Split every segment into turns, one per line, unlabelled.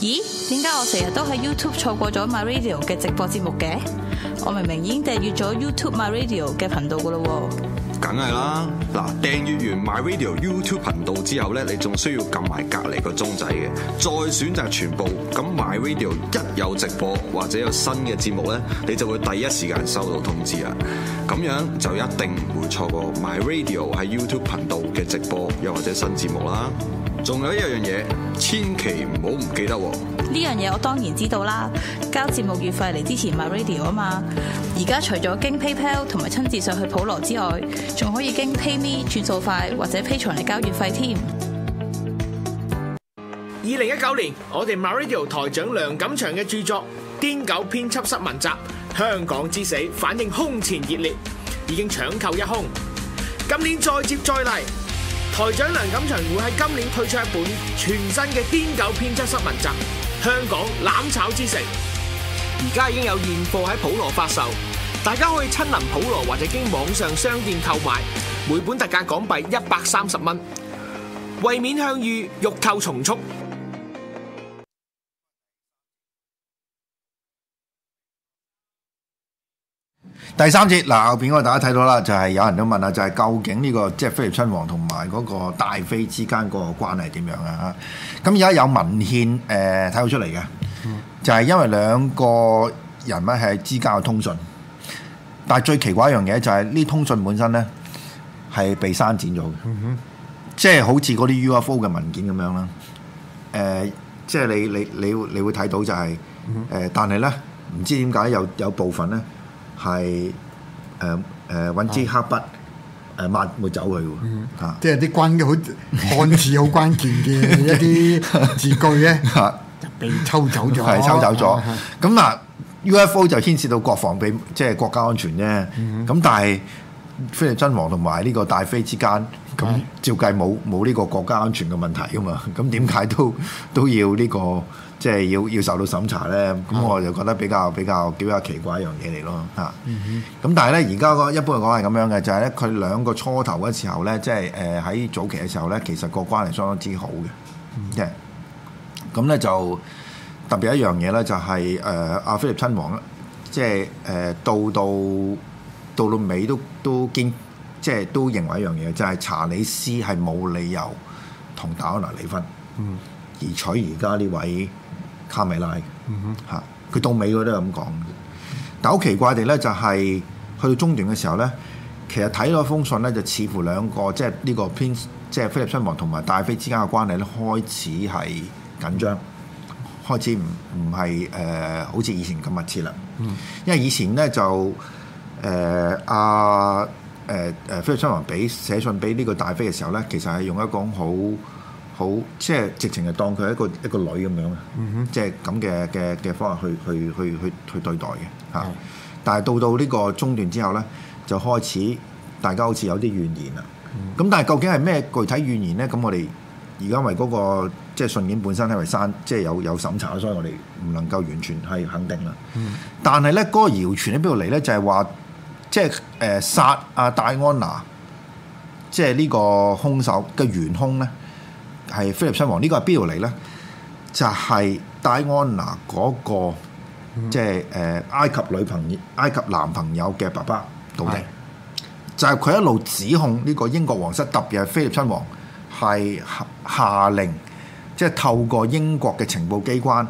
咦，點解我成
日都喺 YouTube 錯過咗 MyRadio 嘅直播節目嘅？我明明已經訂閱咗 YouTube MyRadio 嘅頻道噶咯喎。梗係啦，嗱，訂閱完 MyRadio YouTube 頻道之後咧，你仲需要撳埋隔籬個鐘仔嘅，再選擇全部，咁 MyRadio 一有直播或者有新嘅節目咧，你就會第一時間收到通知啦。咁樣就一定唔會錯過 MyRadio 喺 YouTube 頻道嘅直播又或者新節目啦。仲有一樣嘢，千祈唔好唔記得喎！呢樣嘢我當然知道啦，交節目月費嚟之前 a radio 啊嘛。而家除咗經 PayPal 同埋親自上去普羅之外，仲可以經 PayMe 轉數快或者 p 批存嚟交月費添。二零一九年，我哋 Maradio 台長梁錦祥嘅著作《癲狗編輯室文集：香港之死》反應空前熱烈，已經搶購一空。今年再接再嚟。台長梁錦祥會喺今年推出一本全新嘅癲狗編輯失文集《香港攬炒之城》，而家已經有現貨喺普羅發售，大家可以親臨普羅或者經網上商店購買，每本特價港幣一百三十蚊，
為免向隅欲購從速。
第三節嗱，片我大家睇到啦，就係、是、有人都問啊，就係、是、究竟呢、這個即係菲臘親王同埋嗰個大妃之間個關係點樣啊？咁而家有文獻誒睇到出嚟嘅，就係、是、因為兩個人咧係之間嘅通訊，但係最奇怪一樣嘢就係、是、呢通訊本身咧係被刪剪咗嘅，即、就、係、是、好似嗰啲 UFO 嘅文件咁樣啦。誒、呃，即、就、係、是、你你你，你會你會睇到就係、是、誒、呃，但係咧唔知點解有有部分咧。係誒誒揾支黑筆誒抹抹走佢喎嚇，即係啲軍好漢字好關鍵嘅一啲字句咧嚇，就被抽走咗，係抽走咗。咁嗱，UFO 就牽涉到國防，俾即係國家安全啫。咁但係菲臘親王同埋呢個戴妃之間，咁照計冇冇呢個國家安全嘅問題噶嘛？咁點解都都要呢個？即係要要受到審查咧，咁我就覺得比較比較幾啊奇怪一樣嘢嚟咯嚇。咁、嗯、哼但係咧，而家一般嚟講係咁樣嘅，就係咧佢兩個初頭嘅時候咧，即係誒喺早期嘅時候咧，其實個關係相當之好嘅。即係咁咧就特別一樣嘢咧，就係誒阿菲臘親王即係誒到到到到尾都都堅即係都認為一樣嘢，就係、是、查理斯係冇理由同戴安娜離婚，嗯、而娶而家呢位。卡美拉嘅嚇，佢、mm hmm. 到尾都係咁講，但好奇怪地咧，就係、是、去到中段嘅時候咧，其實睇嗰封信咧，就似乎兩個即係呢個編即係菲臘親王同埋戴妃之間嘅關係咧，開始係緊張，開始唔唔係誒好似以前咁密切啦。Mm hmm. 因為以前咧就誒阿誒誒菲臘親王俾寫信俾呢個戴妃嘅時候咧，其實係用一個好好即係直情係當佢係一個一個女咁樣嘅，即係咁嘅嘅嘅方法去去去去去對待嘅嚇。但係到到呢個中段之後咧，就開始大家好似有啲怨言啦。咁但係究竟係咩具體怨言咧？咁我哋而家為嗰個即係信件本身係為刪，即係有有審查，所以我哋唔能夠完全係肯定啦。但係咧，嗰個謠傳喺邊度嚟咧？就係話即係誒殺阿戴安娜，即係呢個兇手嘅元兇咧。係菲臘親王，呢、這個係邊條嚟呢？就係、是、戴安娜嗰、那個、嗯、即係埃及女朋友，埃及男朋友嘅爸爸道迪，的就係佢一路指控呢個英國皇室，特別係菲臘親王係下令，即係透過英國嘅情報機關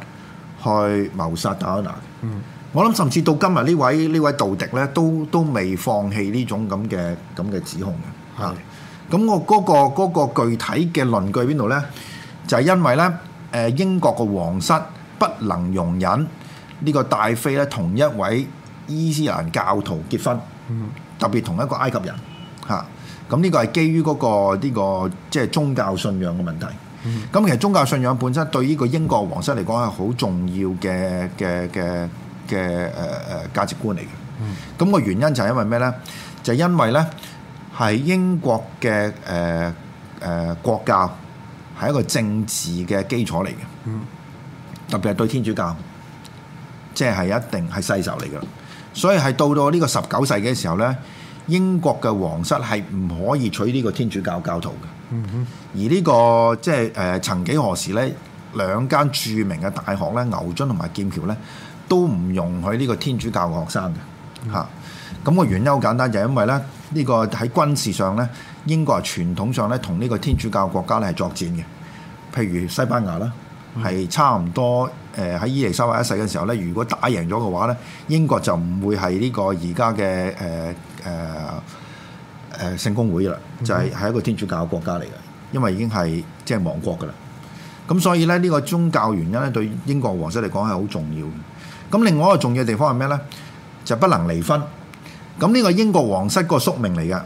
去謀殺戴安娜。嗯、我諗甚至到今日呢位呢位道迪呢，都都未放棄呢種咁嘅咁嘅指控嘅。咁我嗰個嗰個具體嘅論據喺邊度咧？就係因為咧，誒英國嘅皇室不能容忍呢個戴妃咧同一位伊斯蘭教徒結婚，特別同一個埃及人嚇。咁呢個係基於嗰個呢個即係宗教信仰嘅問題。咁、嗯、其實宗教信仰本身對於個英國皇室嚟講係好重要嘅嘅嘅嘅誒誒價值觀嚟嘅。咁、嗯、個原因就係因為咩咧？就係因為咧。係英國嘅誒誒國教，係一個政治嘅基礎嚟嘅，mm hmm. 特別係對天主教，即係一定係世仇嚟嘅。所以係到到呢個十九世紀嘅時候呢，英國嘅皇室係唔可以娶呢個天主教教徒嘅。哼、mm，hmm. 而呢、呢個即係、呃、曾幾何時呢兩間著名嘅大學咧，牛津同埋劍橋呢，都唔容許呢個天主教嘅學生嘅。嚇、mm，咁、hmm. 啊嗰個原因好簡單，就係、係、因為呢。呢個喺軍事上咧，英國啊傳統上咧同呢個天主教國家咧係作戰嘅，譬如西班牙啦，係、嗯、差唔多誒喺、呃、伊利沙伯一世嘅時候咧，如果打贏咗嘅話咧，英國就唔會係呢個而家嘅誒誒誒聖公會啦，就係、是、係一個天主教嘅國家嚟嘅，因為已經係即係亡國噶啦。咁所以咧呢、這個宗教原因咧對英國皇室嚟講係好重要。咁另外一個重要地方係咩咧？就是、不能離婚。咁呢個英國皇室個宿命嚟嘅，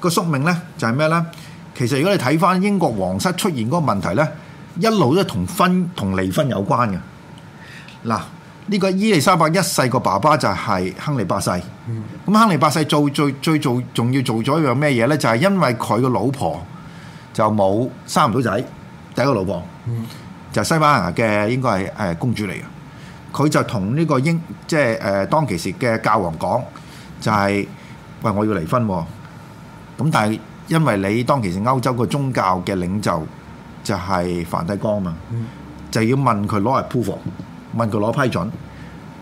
個宿命呢就係、是、咩呢？其實如果你睇翻英國皇室出現嗰個問題呢，一路都同婚同離婚有關嘅嗱。呢、呢個伊麗莎白一世個爸爸就係亨利八世，咁、嗯、亨利八世做最最重要做咗一樣咩嘢呢？就係、是、因為佢個老婆就冇生唔到仔，第一個老婆、嗯、就西班牙嘅應該係公主嚟嘅，佢就同呢個英即係誒當其時嘅教皇講。就係、是、喂，我要離婚喎、哦，咁但係因為你當其時歐洲個宗教嘅領袖就係梵蒂岡啊嘛，嗯、就要問佢攞嚟 proof 問佢攞批准。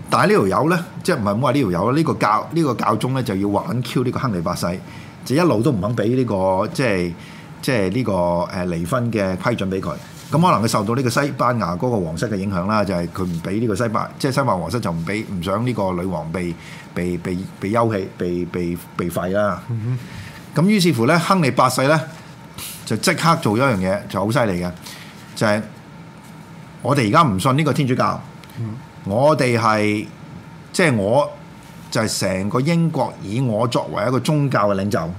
但係呢條友咧，即係唔係咁話呢條友呢個教呢、呢個教宗咧就要玩 Q 呢個亨利八世，就一路都唔肯俾呢、呢個即係即係呢個誒離婚嘅批准俾佢。咁可能佢受到呢個西班牙嗰個皇室嘅影響啦，就係佢唔俾呢個西班牙，即係西班牙皇室就唔俾唔想呢個女王被被被被休棄、被被被廢啦。
咁、
mm hmm. 於是乎咧，亨利八世咧就即刻做咗一樣嘢，就好犀利嘅，就係我哋而家唔信呢個天主教，mm hmm. 我哋係即係我就係成個英國以我作為一個宗教嘅領袖，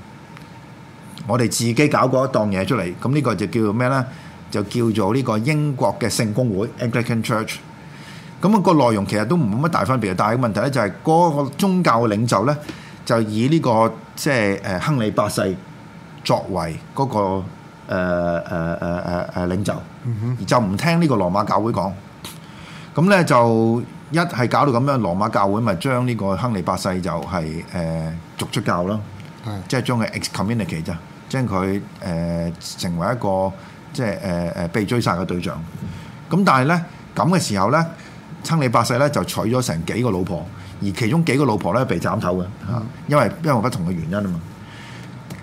我哋自己搞過一檔嘢出嚟，咁呢個就叫做咩咧？就叫做呢個英國嘅聖公會 （Anglican Church）。咁啊個內容其實都唔冇乜大分別，但係個問題咧就係、是、嗰個宗教嘅領袖咧就以呢、這個即係誒亨利八世作為嗰、那個誒誒誒誒誒領袖，嗯、哼而就唔聽呢個羅馬教會講。咁咧就一係搞到咁樣，羅馬教會咪將呢個亨利八世就係、是、誒、呃、逐出教咯，即係的將佢 excommunicate 啫，將佢誒成為一個。即係誒誒被追殺嘅對象，咁但係咧咁嘅時候咧，亨利八世咧就娶咗成幾個老婆，而其中幾個老婆咧被斬頭嘅嚇，嗯、因為因為不同嘅原因啊嘛。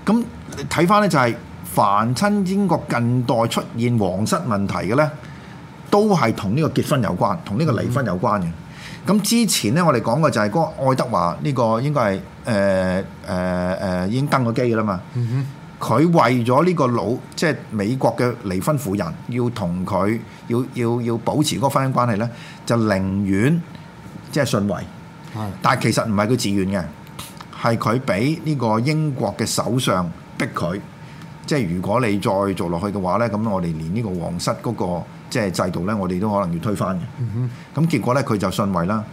咁睇翻咧就係、是、凡親英國近代出現皇室問題嘅咧，都係同呢個結婚有關，同呢個離婚有關嘅。咁、嗯、之前咧我哋講嘅就係嗰個愛德華呢個應該係誒誒誒已經登過基嘅啦嘛。嗯哼。佢為咗呢個老即係美國嘅離婚婦人，要同佢要要要保持嗰個婚姻關係呢，就寧願即係遜位，是的 但係其實唔係佢自願嘅，係佢俾呢個英國嘅首相逼佢，即係如果你再做落去嘅話呢，咁我哋連呢個皇室嗰個即係制度呢，我哋都可能要推翻嘅。
咁、
嗯、哼 結果呢，佢就遜位啦。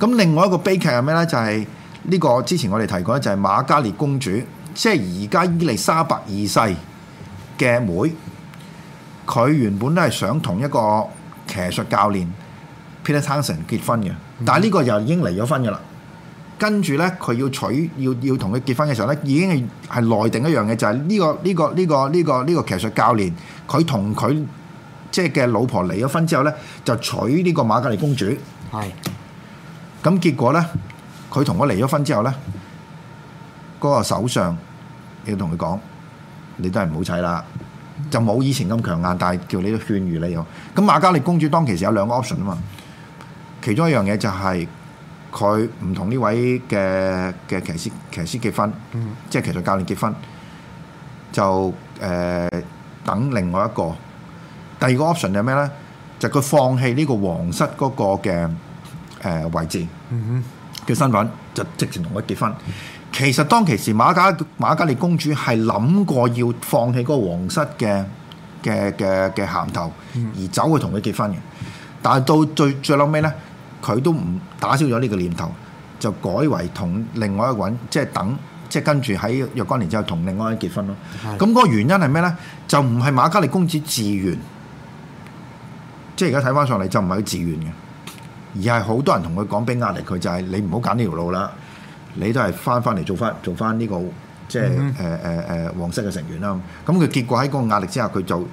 咁另外一個悲劇係咩呢？就係、是、呢個之前我哋提過咧，就係、是、瑪嘉烈公主。即係而家伊麗莎白二世嘅妹，佢原本咧係想同一個騎術教練 Peter Townsend 結婚嘅，但係呢個就已經離咗婚㗎喇。跟住咧，佢要娶要要同佢結婚嘅時候咧，已經係係內定一樣嘅，就係呢個呢個呢個呢個呢個騎術教練，佢同佢即係嘅老婆離咗婚之後咧，就娶呢個瑪格麗公主。係的。咁結果咧，佢同我離咗婚之後咧，嗰個首相。要同佢講，你都係唔好睇啦，就冇以前咁強硬，但係叫你都勸喻你咯。咁馬嘉烈公主當其時有兩個 option 啊嘛，其中一樣嘢就係佢唔同呢位嘅嘅騎師騎師結婚，即係騎術教練結婚，就誒等另外一個。第二個 option 係咩咧？就佢放棄呢個皇室嗰個嘅誒位置嘅身份，就即時同佢結婚。其實當其時，瑪嘉瑪嘉烈公主係諗過要放棄嗰個皇室嘅嘅嘅嘅銜頭，而走去同佢結婚嘅。但係到最最嬲尾咧，佢都唔打消咗呢個念頭，就改為同另外一個人，即係等，即係跟住喺若干年之後同另外一個人結婚咯。咁嗰是的 個原因係咩咧？就唔係瑪嘉烈公主自願，即係而家睇翻上嚟就唔係佢自願嘅，而係好多人同佢講俾壓力，佢就係你唔好揀呢條路啦。你都係翻翻嚟做翻做翻呢個即係誒誒誒皇室嘅成員啦。咁佢結果喺嗰個壓力之下，佢就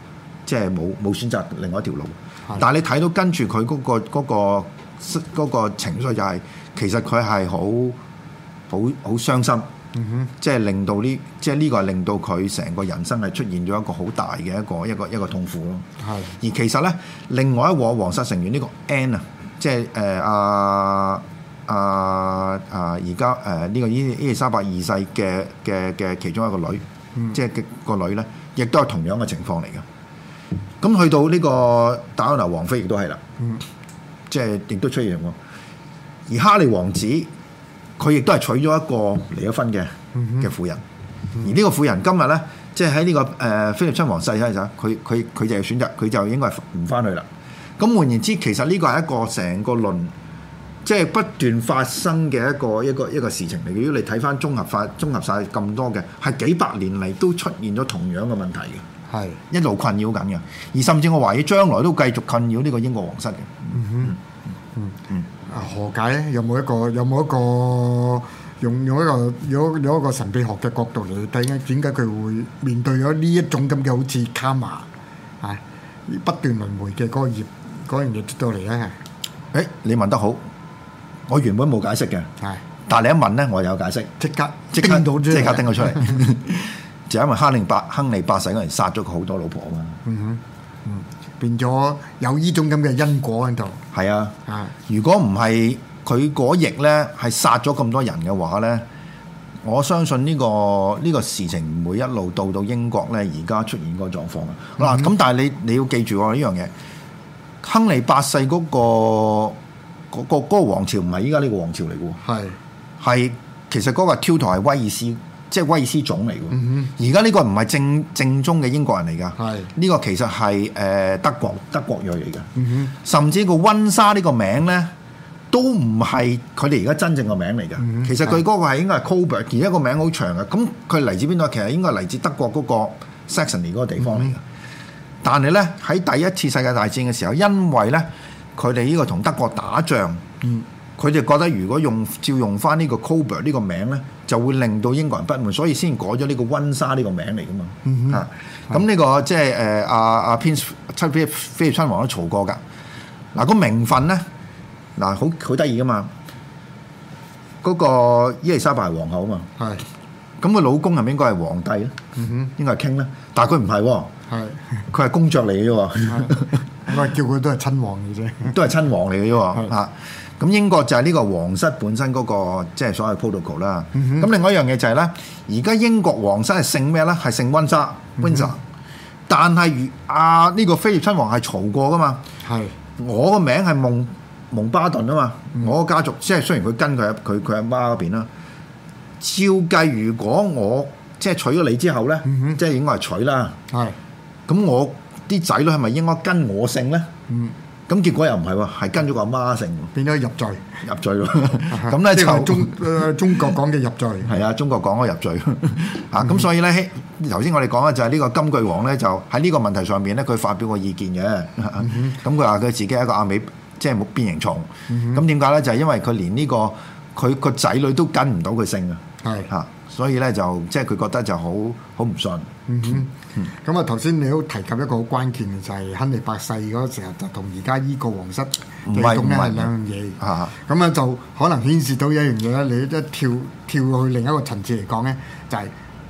即係冇冇選擇另外一條路。的但係你睇到跟住佢嗰個嗰個嗰個嗰個情緒就係、係、其實佢係好好好傷心。哼的，即係令到呢，即係呢個係令到佢成個人生係出現咗一個好大嘅一個一個一個痛苦
咯。
係的。而其實咧，另外一個皇室成員呢個 N 啊，即係誒阿。呃啊啊！而家誒呢個伊伊利沙伯二世嘅嘅嘅其中一個女，嗯、即係個女咧，亦都係同樣嘅情況嚟嘅。咁、嗯、去到呢個戴安娜王妃亦都係啦，嗯、即係亦都出現情況。而哈利王子佢亦都係娶咗一個離咗婚嘅嘅婦人，而呢個婦人今日咧，即係喺呢個誒、呃、菲臘親王逝世嘅時候，佢佢佢就選擇佢就應該係唔翻去啦。咁、嗯、換言之，其實呢個係一個成個論。即係不斷發生嘅一個一個一個事情嚟嘅。如果你睇翻綜合化、綜合晒咁多嘅，係幾百年嚟都出現咗同樣嘅問題嘅，係的，一路困擾緊嘅。而甚至我懷疑將來都繼續困擾呢個英國皇室嘅、嗯。嗯哼，嗯嗯，啊何解咧？有冇一個有冇一個用咗一個有有
一個神秘學嘅角度嚟睇？點解佢會面對咗呢一種咁嘅好似卡瑪
啊不斷輪迴嘅嗰個業嗰樣嘢出到嚟咧？誒、那個那個，你問得好。我原本冇解釋嘅，的但係你一問咧，我有解釋，即刻即刻即刻叮佢出嚟，就 因為亨利八亨利八世嗰陣殺咗佢好多老婆啊嘛，嗯嗯，變咗有呢種咁嘅因果喺度，係啊，如果唔係佢嗰役咧，係殺咗咁多人嘅話咧，我相信呢個呢個事情唔會一路到到英國咧，而家出現個狀況啊！嗱，咁但係你你要記住呢樣嘢，亨利八世嗰、嗯嗯個,這個。這個個個嗰個王朝唔係依家呢個王朝嚟嘅喎，係係是其實嗰個 Tudor 係威爾斯，即、就、係、是、威爾斯種嚟嘅喎。而家呢個唔係正正宗嘅英國人嚟噶，係呢、嗯、哼個其實係誒、呃、德國德國裔嚟嘅。嗯、哼甚至個溫莎呢個名咧，都唔係佢哋而家真正個名嚟嘅。嗯、哼其實佢嗰個係應該係 Coburg，而且個名好長嘅。咁佢嚟自邊度？其實應該嚟自德國嗰個 Saxony 嗰個地方。嚟、嗯、哼但係咧喺第一次世界大戰嘅時候，因為咧。佢哋呢個同德國打仗，佢哋覺得如果用照用翻呢個 Cobert 呢個名咧，就會令到英國人不滿，所以先改咗呢個溫莎呢個名嚟噶嘛。啊，咁呢個即係誒阿阿 Prince 七 Prince 菲臘親王都嘈過噶。嗱個名分咧，嗱好好得意噶嘛。嗰個伊麗莎白係皇后啊嘛，係咁佢老公係咪應該係皇帝咧？嗯哼，應該係 King 咧，但係佢唔係喎，佢係公爵嚟嘅啫。我叫佢都係親王嘅啫，都係親王嚟嘅啫。嚇是，咁、啊、英國就係呢個皇室本身嗰、那個即係、就是、所謂 protocol 啦。咁、嗯、哼另外一樣嘢就係咧，而家英國皇室係姓咩咧？係姓温莎，温莎、嗯哼。但係如啊呢、這個菲臘親王係嘈過噶嘛？係是，我個名係蒙蒙巴頓啊嘛，嗯、哼我個家族即係雖然佢跟佢阿佢佢阿媽嗰邊啦。照計，如果我即係娶咗你之後咧，即係、嗯、哼應該係娶啦。係是，咁、嗯、我。啲仔女係咪應該跟我姓咧？嗯，咁結果又唔係喎，係跟咗個阿媽姓，變咗入贅入贅咯。咁咧就中誒中國講嘅入贅係啊，中國講嘅入贅啊。咁所以咧，頭先我哋講嘅就係呢個金句王咧，就喺呢個問題上面咧，佢發表過意見嘅。咁佢話佢自己係一個阿美，即係變形蟲。咁點解咧？就係因為佢連呢個佢個仔女都跟唔到佢姓啊。係啊，所以咧就即係佢覺得就好好唔信。嗯哼。咁啊，頭先、嗯、你都提及一個
好關鍵嘅，就係、是、亨利八世嗰陣時啊，就同而家呢個皇室其中咧係兩樣嘢。咁啊，嗯、就可能顯示到一樣嘢咧，你即係跳跳去另一個層次嚟講咧，就係、是、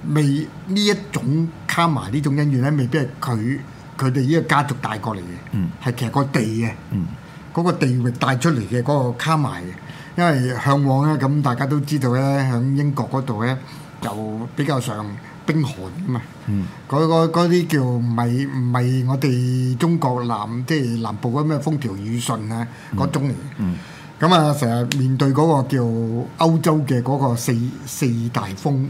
未呢一種卡埋呢種恩怨，咧，未必係佢佢哋呢個家族帶過嚟嘅。嗯，係其實個地嘅。
嗯，
個地域帶出嚟嘅嗰個卡埋嘅，因為向往咧，咁大家都知道咧，喺英國嗰度咧就比較上，冰寒啊嘛，嗰啲、嗯那個、叫唔係唔係我哋中國南，即係南部咩風調雨順、嗯嗯、啊嗰種嘅，咁啊成日面對嗰個叫歐洲嘅嗰個四四大風，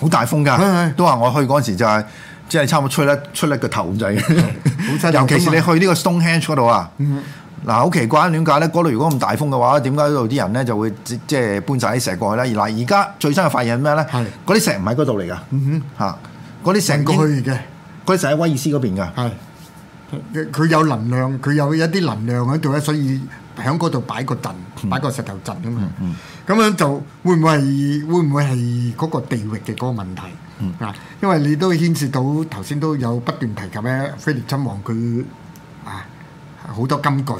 好大風㗎，是是是都話我去嗰陣時就係即係差唔多吹得吹甩個頭仔，嗯、 尤其是你去呢個 Stonehenge 度啊。嗯嗱，好、啊、奇怪，點解咧？嗰度如果咁大風嘅話，點解嗰度啲人咧就會即係搬晒啲石過去咧？而嗱，而家最新嘅發現咩咧？係嗰啲石唔喺嗰度嚟噶，
嗯、
嗰啲成過去嘅，嗰啲石喺威爾斯嗰邊噶，係
佢的有能量，佢有一啲能量喺度咧，所以喺嗰度擺個陣，擺個石頭陣啊嘛，咁樣就會唔會係會唔會係嗰個地域嘅嗰、那個問題啊？嗯、哼因為你都牽涉到頭先都有不斷提及咧，菲利親王佢。好多金句，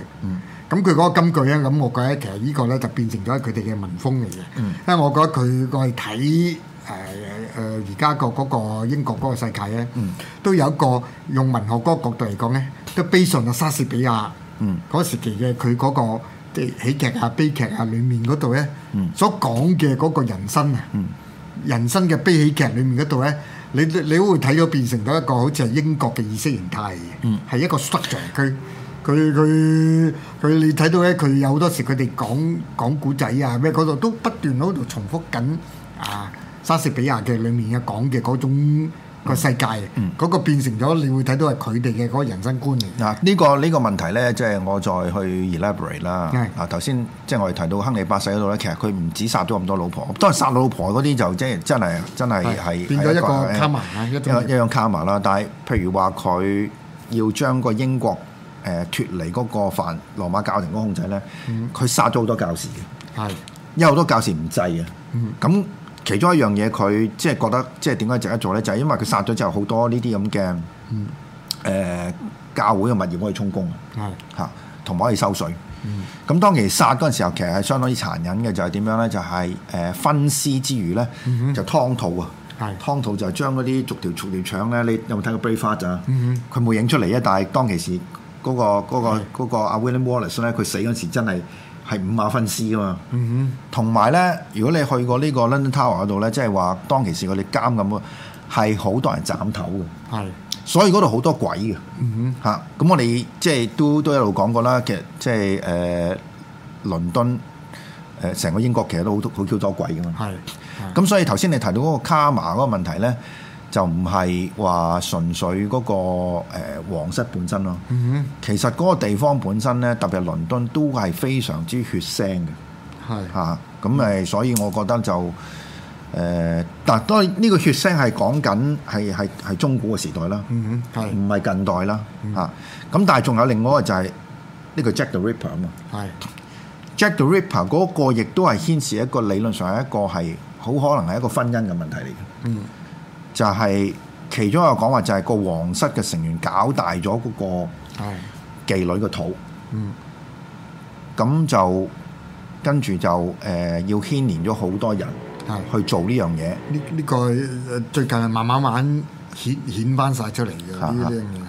咁佢嗰個金句咧，咁我覺得其實依個咧就變成咗佢哋嘅文風嚟嘅。因為我覺得佢我哋睇誒誒而家個嗰個英國嗰個世界咧，都有一個用文學嗰個角度嚟講咧，都悲上到莎士比亞嗰時期嘅佢嗰個的喜劇啊、悲劇啊裡面嗰度咧，所講嘅嗰個人生啊，人生嘅悲喜劇裡面嗰度咧，你你會睇到變成咗一個好似係英國嘅意識形態嚟嘅，係一個 structure 區。佢佢佢，你睇到咧，佢有好多時佢哋講講古仔啊，咩嗰度都不斷喺度重複緊啊，莎士比亞嘅裏面嘅講嘅嗰種個世界，嗰個變成咗，你會睇到係佢哋嘅
嗰個人生觀念。啊，呢個呢個問題咧，即係我再去 elaborate 啦。係啊，頭先即係我哋提到亨利八世嗰度咧，其實佢唔止殺咗咁多老婆，當係殺老婆嗰啲就即係真係真係係變咗一個卡瑪啊，一一樣卡瑪啦。但係譬如話佢要將個英國。誒脫離嗰個梵羅馬教廷嗰個控制咧，佢殺咗好多教士嘅，係
因
為好多教士唔制嘅。咁其中一樣嘢，佢即係覺得即係點解值得一做咧？就係因為佢殺咗之後，好多呢啲咁嘅誒教會嘅物業可以充公，係嚇，同埋可以收稅。咁當其殺嗰陣時候，其實係相當之殘忍嘅，就係點樣咧？就係誒分屍之餘咧，就劏肚啊，劏肚就係將嗰啲逐條逐條腸咧。你有冇睇過《Braveheart》啊？佢冇影出嚟啊，但係當其時。嗰個、嗰個嗰個阿、嗰個、的 William Wallace 咧，佢死嗰時真係係五馬分屍噶嘛。嗯哼。同埋咧，如果你去過呢個 London Tower 嗰度咧，即係話當其時佢哋監咁啊，係好多人斬頭嘅。係的。所以嗰度好多鬼嘅。嗯咁哼、啊、我哋即係都都一路講過啦。其實即係誒，倫敦誒成、呃、個英國其實都好多好 Q 多鬼噶嘛。係的。咁的所以頭先你提到嗰個卡馬嗰個問題咧。就唔係話純粹嗰、那個誒、呃、皇室本身咯，mm hmm. 其實嗰個地方本身咧，特別係倫敦都係非常之血腥嘅，係嚇咁誒，所以我覺得就誒、呃，但當然呢個血腥係講緊係係係中古嘅時代啦，哼、mm，係唔係近代啦嚇？咁、mm hmm. 啊、但係仲有另外一個就係呢個 Jack the Ripper 嘅，係、mm hmm. Jack the Ripper 嗰個亦都係牽涉一個理論上係一個係好可能係一個婚姻嘅問題嚟嘅，嗯、mm。Hmm. 就係其中一個講話，就係個皇室嘅成員搞大咗嗰個妓女嘅肚，咁、嗯、就跟住就誒、呃、要牽連咗好多人去做呢樣嘢。
呢呢個最近慢慢慢顯顯翻曬出嚟嘅，好、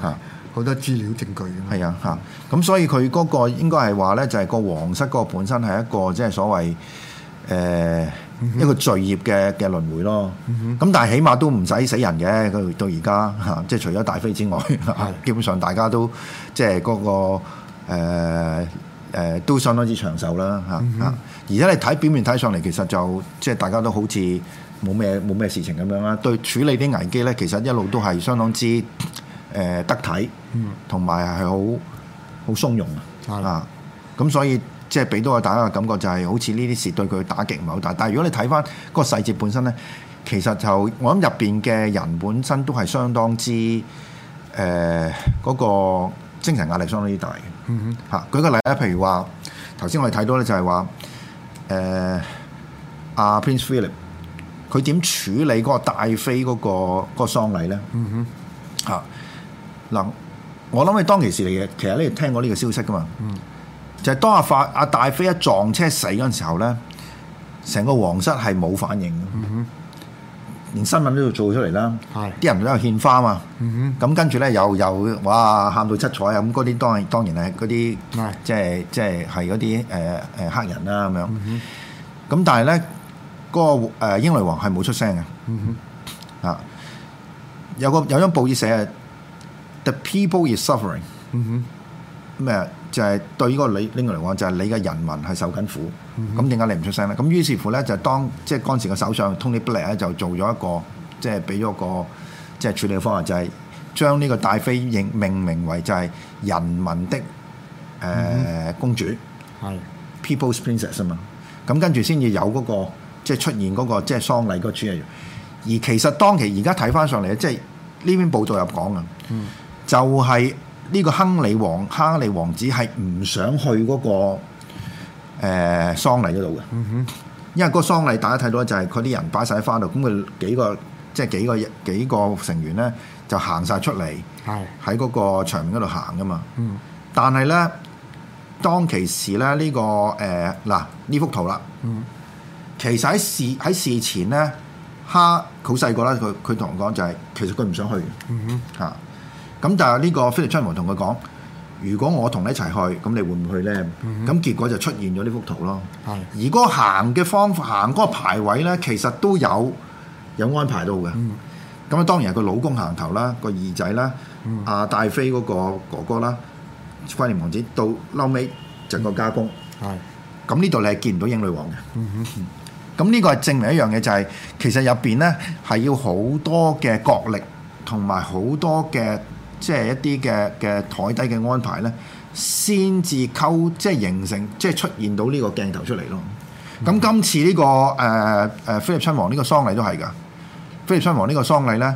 啊啊、多資料證據咁。係啊，咁、啊啊、所以佢嗰個應該係話咧，就係、是、個皇室嗰個本身係一個即係、就是、所謂誒。呃一個罪孽嘅嘅輪迴咯，咁、嗯、哼但係起碼都唔使死人嘅，到而家嚇，即係除咗大飛之外，嗯、哼基本上大家都即係、那、嗰個誒、呃呃、都相當之長壽啦嚇、啊。而家你睇表面睇上嚟，其實就即係大家都好似冇咩冇咩事情咁樣啦。對處理啲危機咧，其實一路都係相當之誒、呃、得體，同埋係好好鬆容、嗯、哼啊。啊，咁所以。即係俾到我大家嘅感覺、就是，就係好似呢啲事對佢打擊唔係好大。但係如果你睇翻個細節本身咧，其實就我諗入邊嘅人本身都係相當之誒嗰、呃那個精神壓力相當之大嘅。
嗯、
哼，嚇舉個例啦，譬如話頭先我哋睇到咧就係話誒阿 Prince Philip 佢點處理嗰個大妃嗰、那個嗰、那個喪禮咧？
嗯
哼，嚇嗱、啊，我諗起當其時嚟嘅其實你聽過呢個消息噶嘛？嗯。就係當阿法阿大飛一撞車死嗰陣時候咧，成個皇室係冇反應嘅，mm hmm. 連新聞都要做出嚟啦。係啲 Yes. 人都有獻花嘛，咁、mm hmm. 跟住咧又又哇喊到七彩、就是就是呃呃、啊！咁嗰啲當然當然係嗰啲即係即係係嗰啲誒誒黑人啦咁樣。咁、mm hmm. 但係咧，嗰、那個英女王係冇出聲嘅。啊、mm hmm.，有個有張報紙寫 The people is suffering。
哼、
mm，咩、hmm.？就係對嗰個女拎嚟講，就係、是、你嘅人民係受緊苦，咁點解你唔出聲咧？咁於是乎咧，就是、當即係嗰陣時嘅首相 Tony Blair 咧，就做、是、咗一個即係俾咗一個即係處理嘅方案，就係、是、將呢個戴妃認命名為就係人民的誒、呃、公主，係、mm hmm. People's Princess 啊嘛。咁跟住先至有嗰、那個即係、就是、出現嗰、那個即係、就是、喪禮嗰個主題。而其實當其而家睇翻上嚟咧，即係呢邊報道入講啊，mm
hmm.
就係、是。呢個亨利王、哈利王子係唔想去嗰、嗰個喪、呃、喪禮嗰度嘅，mm hmm. 因為嗰個喪禮大家睇到，就係佢啲人擺晒喺花度，咁佢幾個即係幾個人幾個成員咧就行晒出嚟，喺、hmm. 嗰個場面嗰度行噶嘛。但係咧，當其時咧呢、呢個誒嗱呢幅圖啦、mm hmm. 就係，其實喺事喺事前咧，哈好細個啦，佢佢同我講就係其實佢唔想去嘅，嚇、mm。Hmm. 咁但係呢個菲臘親王同佢講，如果我同你一齊去，咁你會唔會去咧？咁結果就出現咗呢幅圖咯。係。如果行嘅方法行嗰個排位咧，其實都有有安排到嘅。咁啊，當然個老公行頭啦，個二仔啦，阿戴妃嗰個哥哥啦，威廉王子到後尾整個加工。係。咁呢度你係見唔到英女王嘅。嗯哼。咁呢個係證明一樣嘢，就係其實入邊咧係要好多嘅角力同埋好多嘅。即係一啲嘅嘅台底嘅安排咧，先至溝即係形成，即係出現到呢個鏡頭出嚟咯。咁、嗯、今次呢、呢個誒誒菲臘親王呢個喪禮都係噶，菲臘親王呢個喪禮咧，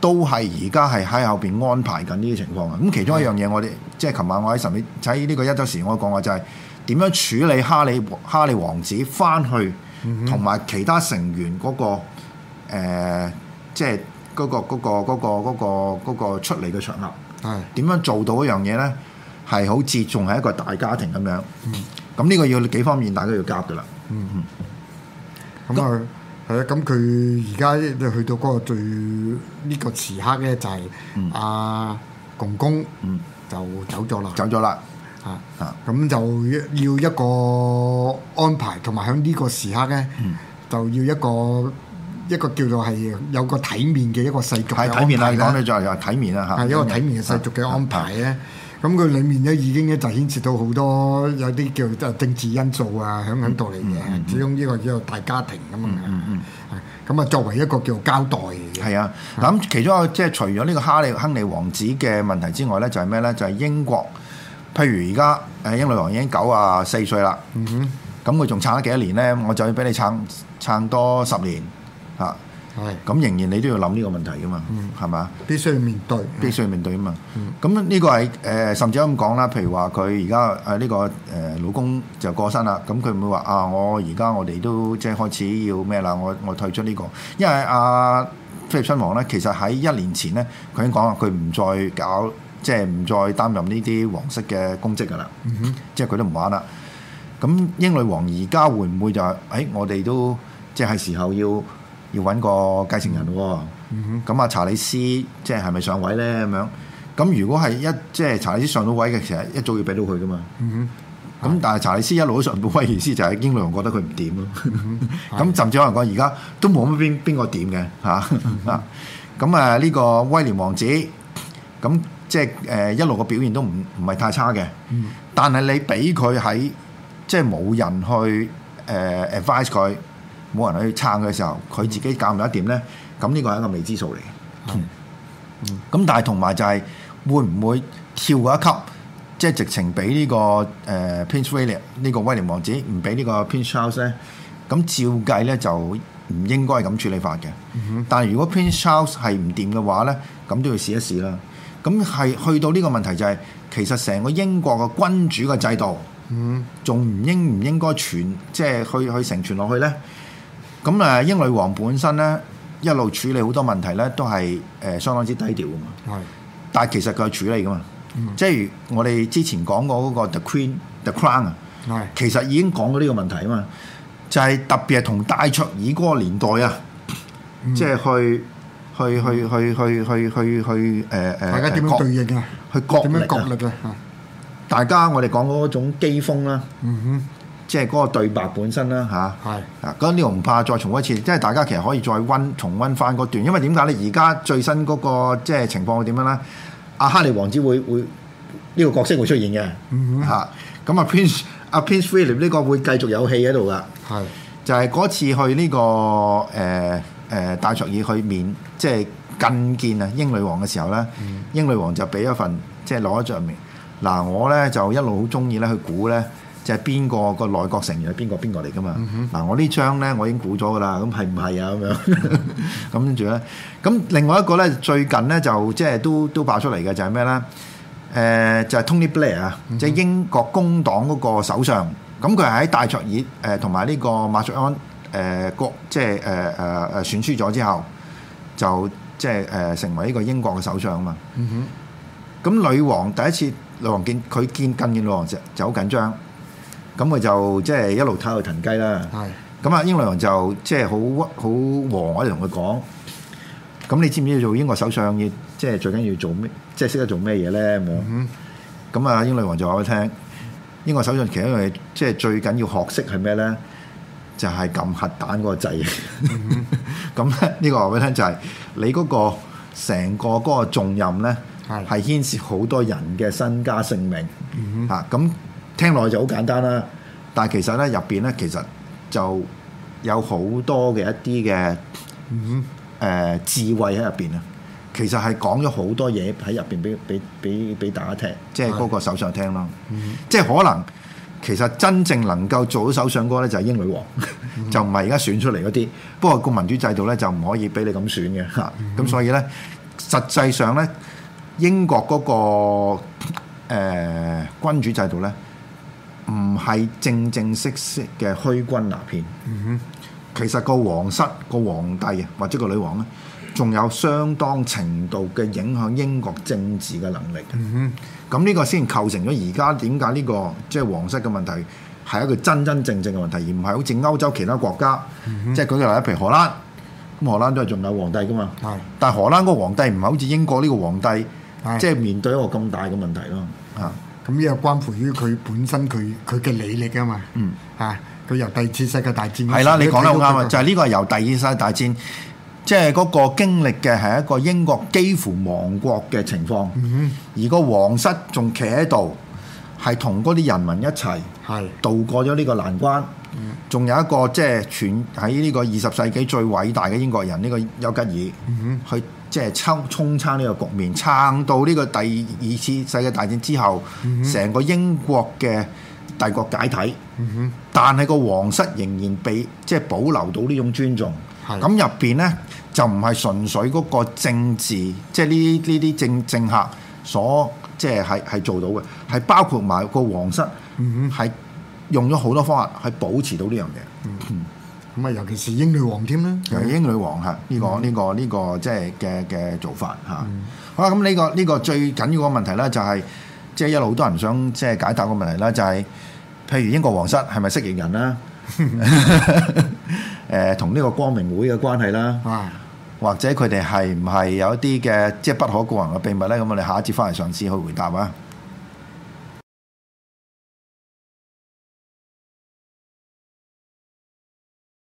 都係而家係喺後邊安排緊呢啲情況啊。咁其中一樣嘢，我哋、嗯、即係琴晚我喺神秘喺呢個一周時我，就係，我講嘅就係點樣處理哈利哈利王子翻去同埋其他成員嗰、嗰個、呃、即係。嗰、那個嗰、那個嗰、那個那個那個、出嚟嘅場合，點的樣做到一樣嘢咧？係好似仲係一個大家庭咁樣。咁呢、嗯、個要幾方面，大家都要夾噶啦。嗯嗯。咁啊、嗯，係啊、嗯，咁佢而
家去到嗰個最呢、這個時刻咧，就係、是、阿、嗯啊、公公、嗯、就走咗啦，走咗了啦。啊啊！咁就要要一個安排，同埋喺呢個時刻咧，嗯、就要一個。一個叫做係有個體面嘅一個世俗，係體面啦。講到就
係話體面啦嚇，係一個體面嘅世俗嘅安
排咧。咁佢、嗯嗯嗯、裡面咧已經咧就牽涉到好多有啲叫政治因素
啊，響響度嚟嘅。嗯嗯嗯、始終呢個叫做大家庭咁啊，咁啊、嗯嗯嗯、作為一個叫交代。係啊，咁、嗯、其中即係除咗呢個哈利亨利王子嘅問題之外咧，就係咩咧？就係、是、英國，譬如而家誒英女王已經九啊四歲啦。咁佢仲撐咗幾多年咧？我就要俾你撐撐多十年。啊，係，咁仍然你都要諗呢個問題噶嘛，係嘛、嗯？吧必須要面對，嗯、必須要面對啊嘛。咁呢、嗯、個係誒、呃，甚至咁講啦。譬如話佢而家誒呢個誒老公就過身啦，咁佢唔會話啊，我而家我哋都即係開始要咩啦，我我退出呢、這個。因為阿、啊、菲律辛王咧，其實喺一年前咧，佢已經講話佢唔再搞，即係唔再擔任呢啲皇室嘅公職噶啦。
嗯、
哼，即係佢都唔玩啦。咁英女王而家會唔會就係誒？我哋都即係時候要。要揾個繼承人喎，咁啊、嗯、哼查理斯即係係咪上位咧咁樣？咁如果係一即係、就是、查理斯上到位嘅，其實一早要俾到佢噶嘛。咁、嗯、哼但係查理斯一路都上到威爾斯，就係英女王覺得佢唔掂咯。咁 的甚至可能講而家都冇乜邊邊個掂嘅嚇，咁啊，呢個威廉王子，咁即係誒一路嘅表現都唔唔係太差嘅。嗯、但係你俾佢喺即係冇人去誒 advise 佢。冇人去撐嘅時候，佢自己搞唔掂一點咧，咁呢個係一個未知數嚟嘅。咁、嗯嗯、但係同埋就係、是、會唔會跳過一級，即係直情俾呢個誒、呃、Prince William 呢個威廉王子唔俾呢個 Prince Charles 咧？咁、嗯、照計咧就唔應該係咁處理法嘅。嗯、但係如果 Prince Charles 係唔掂嘅話咧，咁都要試一試啦。咁係去到呢個問題就係、是、其實成個英國嘅君主嘅制度，嗯，仲唔應唔應該傳即係、就是、去去承傳落去咧？咁啊，英女王本身咧一路處理好多問題咧，都係誒、呃、相當之低調嘅嘛。
係
的，但係其實佢處理嘅嘛，嗯、即係如我哋之前講過嗰個 The Queen，The Crown 啊的，係，其實已經講過呢個問題啊嘛，就係、是、特別係同戴卓爾嗰個年代啊，嗯、即係去去去去去去去去誒誒，呃、大家點樣對應啊？去角點樣角力啊？力啊大家我哋講嗰種機鋒啦。嗯哼。嗯。即係嗰個對白本身啦，嚇的。係嗱、啊，嗰啲我唔怕再重一次，即係大家其實可以再溫重温翻嗰段，因為點解咧？而家最新嗰、那個即係情況會點樣咧？阿哈利王子會會呢、這個角色會出現嘅，嚇、嗯嗯。咁啊，Prince 阿、啊、Prince Philip 呢個會繼續有戲喺度噶。係的就係嗰次去呢、這個誒誒戴卓爾去面，即係近見啊英女王嘅時候咧，英女王、嗯、英女王就俾一份即係攞咗着面。嗱，我咧就一路好中意咧去估咧。呢就係邊個個內閣成員係邊個邊個嚟㗎嘛？嗱，我呢張咧，我已經估咗㗎啦。咁係唔係啊？咁樣咁跟住咧，咁另外一個咧，最近咧就即係都都爆出嚟嘅就係咩咧？誒就係 Tony Blair 啊，即係英國工黨嗰個首相。咁佢係喺戴卓爾誒同埋呢個馬卓安誒國即係誒誒誒選輸咗之後，就即係誒成為呢個英國嘅首相啊嘛。咁女王第一次女王見佢見近見女王就就好緊張。咁佢就即係一路睇佢騰雞啦。係咁啊，英女王就即係好好和我同佢講。咁你知唔知做英國首相要即係最緊要做咩？即係識得做咩嘢咧？咁樣、嗯哼。咁啊，英女王就話俾佢聽：英國首相其中一樣嘢，即係最緊要學識係咩咧？就係、是、撳核彈嗰個掣。咁咧呢個話俾我聽就係、是、你嗰個成個嗰個重任咧，係、嗯、哼的牽涉好多人嘅身家性命。嚇咁、嗯哼。聽落就好簡單啦，但係其實咧入邊咧，其實就有好多嘅一啲嘅誒智慧喺入邊啦。其實係講咗好多嘢喺入邊，俾俾俾俾大家聽，即係嗰個首相聽啦。Mm hmm. 即係可能其實真正能夠做咗首相嗰個咧，就係英女王，mm hmm. 就唔係而家選出嚟嗰啲。不過個民主制度咧，就唔可以俾你咁選嘅嚇。咁、mm hmm. 啊、所以咧，實際上咧，英國嗰、嗰個、呃、君主制度咧。唔係正正式式嘅虛君拿片，嗯、哼其實個皇室個皇帝啊，或者個女王咧，仲有相當程度嘅影響英國政治嘅能力。咁呢、嗯、哼個先構成咗而家點解呢個即係、就是、皇室嘅問題係一個真真正正嘅問題，而唔係好似歐洲其他國家，嗯、哼即係舉個例，譬如荷蘭，荷蘭都係仲有皇帝噶嘛。嗯、哼但係荷蘭嗰個皇帝唔係好似英國呢個皇帝，
嗯、哼即係
面對一個咁大嘅問題咯。啊！咁呢個關乎於佢本身佢佢嘅履歷啊嘛，嚇
佢由第二次世界大戰，係啦，你講得好啱啊，就係
呢個係由第二次世界大戰，即係嗰個經歷嘅係一個英國幾乎亡國嘅情況，嗯、而個皇室仲企喺度，係同嗰啲人民一齊，係渡過咗呢個難關，仲、嗯、有一個即係全喺呢個二十世紀最偉大嘅英國人呢、呢個丘吉爾，去、嗯。嗯即係撐、沖撐呢個局面，撐到呢個第二次世界大戰之後，成、嗯、哼個英國嘅帝國解體。嗯、哼但係個皇室仍然被即係保留到呢種尊重。咁入邊呢，就唔係純粹嗰個政治，即係呢呢啲政政客所即係係係做到嘅，係包括埋個皇室係、嗯、哼用咗好多方法去保持到呢樣嘢。嗯咁啊，尤其是英女王添啦，嗯、英女王嚇呢、這個呢、這個呢、這個即係嘅嘅做法嚇。嗯、好啦，咁、這、呢個呢、這個最緊要嘅問題咧、就是，就係即係一路好多人想即係解答個問題啦、就是，就係譬如英國皇室係咪蜥蜴人啦？誒、 呃，同呢個光明會嘅關係啦，啊、或者佢哋係唔係有一啲嘅即係不可告人嘅秘密咧？咁我哋下一節翻嚟嘗試去回答啊！